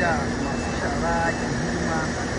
da masu shara da hima